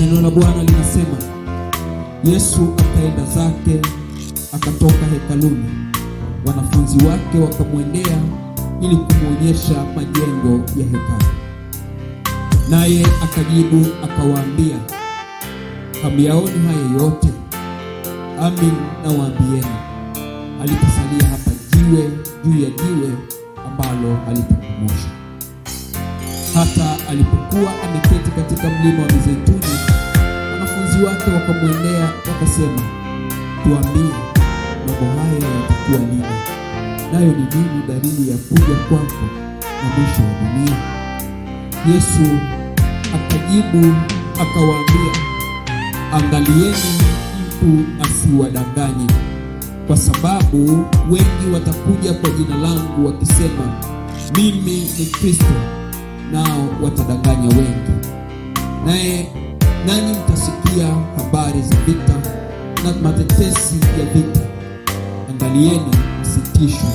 Neno la Bwana linasema Yesu akaenda zake akatoka hekaluni, wanafunzi wake wakamwendea ili kumwonyesha majengo ya hekalu. Naye akajibu akawaambia, hamyaoni haya yote? Amin nawaambieni, aliposalia hapa jiwe juu ya jiwe ambalo halitakomosha. Hata alipokuwa ameketi katika mlima wa Mizeituni wanafunzi wake wakamwendea wakasema, tuambie mambo haya yatakuwa lini, nayo ni nini dalili ya kuja kwako na mwisho wa dunia? Yesu akajibu akawaambia, angalieni mtu asiwadanganye, kwa sababu wengi watakuja kwa jina langu wakisema, mimi ni Kristo, nao watadanganya wengi. Naye nani mtasikia habari za vita na matetesi ya vita. Angalieni, msitishwe,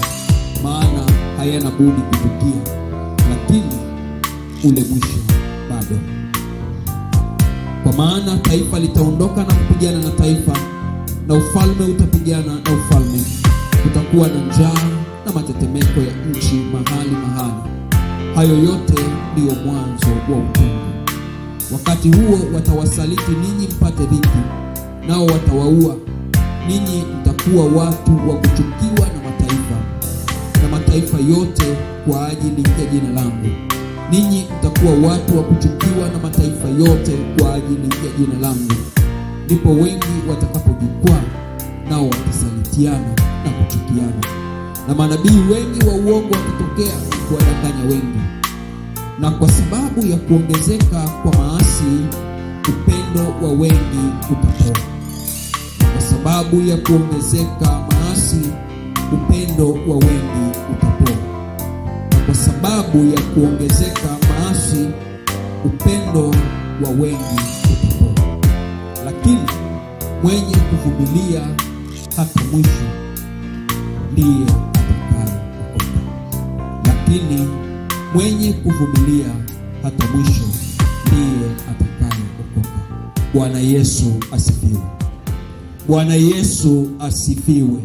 maana hayana budi kutukia, lakini ule mwisho bado. Kwa maana taifa litaondoka na kupigana na taifa, na ufalme utapigana na ufalme. Kutakuwa na njaa na matetemeko ya nchi mahali mahali. Hayo yote ndiyo mwanzo wa utungu. Wakati huo watawasaliti ninyi mpate dhiki, nao watawaua ninyi. Mtakuwa watu wa kuchukiwa na mataifa na mataifa yote kwa ajili ya jina langu. Ninyi mtakuwa watu wa kuchukiwa na mataifa yote kwa ajili ya jina langu, ndipo wengi watakapojikwaa, nao watasalitiana na kuchukiana, na manabii wengi wa uongo watatokea kuwadanganya wengi na kwa sababu ya kuongezeka kwa maasi upendo wa wengi utapoa. Kwa sababu ya kuongezeka maasi upendo wa wengi utapoa. Kwa sababu ya kuongezeka maasi upendo wa wengi utapoa. Lakini mwenye kuvumilia hata mwisho ndiye atakayeokoka. Lakini mwenye kuvumilia hata mwisho ndiye atakayeokoka. Bwana Yesu asifiwe! Bwana Yesu asifiwe!